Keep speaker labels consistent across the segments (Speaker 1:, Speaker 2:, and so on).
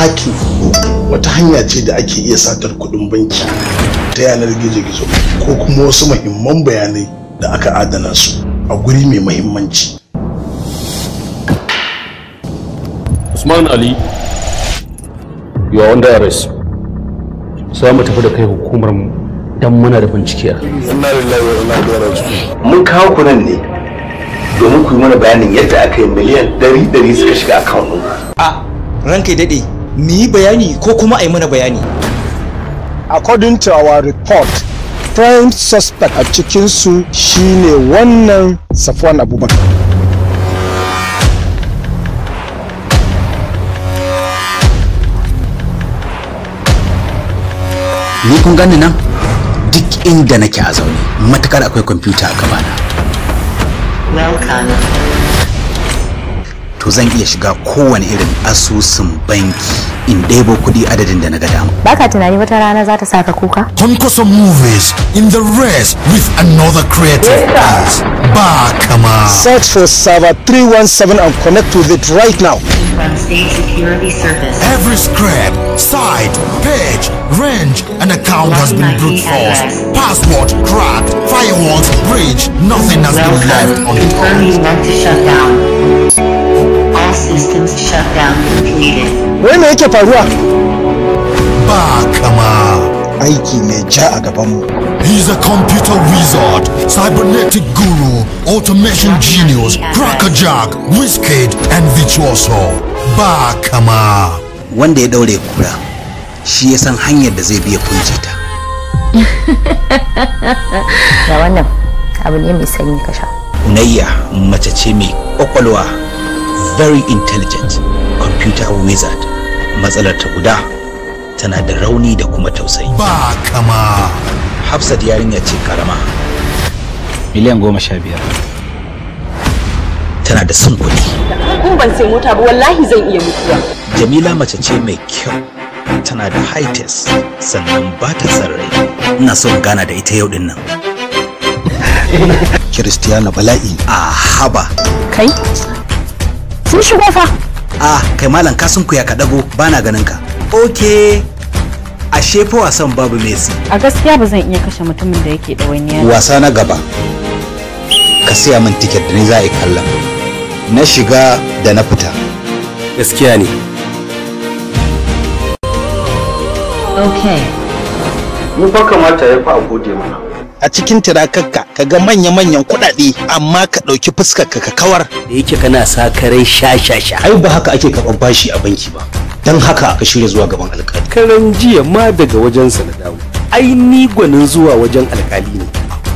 Speaker 1: haki wata hanya ce da ake iya satar kudin banki ta yanar gizo-gizo ko kuma wasu mahimman bayanai da aka adana su a guri mai mahimmanci usman ali you are under arrest za mu tafi da kai hukumar mu don muna da bincike mun kawo ku nan ne domin ku yi mana bayanin yadda aka yi miliyan 100 suka shiga akawun a ranka daɗe mu yi bayani ko kuma a yi mana bayani according to our report prime suspect a cikinsu shine wannan safwan abubakar ni kun gani nan duk inda nake a zaune matakar akwai kwamfuta a gabana. Welcome. to zan iya shiga kowane irin asusun banki in bo kuɗi adadin da na ga dama. Baka tunani wata rana za ta saka kuka? Kwankwason movies in the race with another creative as ba kama. Search for server 317 and connect with it right now. Every scrap site, page, range, and account has been brute forced. Password cracked, firewalls bridge nothing has been left on the Wai me yake faruwa? Ba kama. Aiki mai ja a gabanmu. He's a computer wizard, cybernetic guru, automation genius, crackerjack, wizkid, and virtuoso. Ba kama. Wanda ya daure kura, shi ya san hanyar da zai biya kunce ta. Ga wannan abu ne mai sanyi kasha. Unayya mace ce mai kwakwalwa very intelligent computer wizard matsalar ta guda tana da rauni da kuma tausayi ba kama hafsat yarinya ce karama miliyan goma sha biyar tana da son kuɗi kun ban sai mota ba wallahi zan iya mutuwa jamila mace ce mai kyau tana da high test sannan ba ta son rai ina son gana da ita yau din nan Kiristiyana bala'i a haba kai sun shigo fa ah kai malam ka sun ya ka dago bana ganin ka okay a fa wasan babu Messi a gaskiya ba zan iya kashe mutumin da yake ɗawainiya wasa na gaba ka siya min tiket da ni za a yi kallon na shiga da na fita gaskiya ne okay mu ba kamata ya fa a gode mana a cikin tirakarka ka ga manya-manyan kuɗaɗe amma ka ɗauki fuskar ka ka kawar da yake kana sha-sha-sha? sa ai ba haka ake karɓar bashi a banki ba don haka ka shirya zuwa gaban alƙali. karan jiya ma daga wajensa na dawo ai ni gwanin zuwa wajen alƙali ne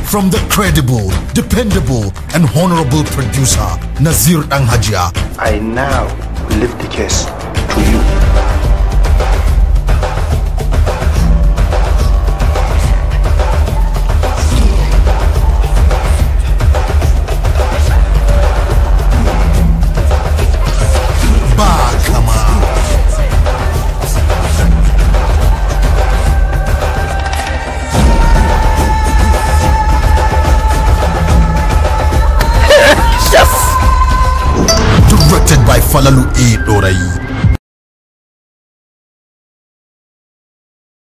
Speaker 1: From the credible, dependable, and honorable producer, Nazir Hajiya. I now lift the case to you. falalu e eh, ɗorayi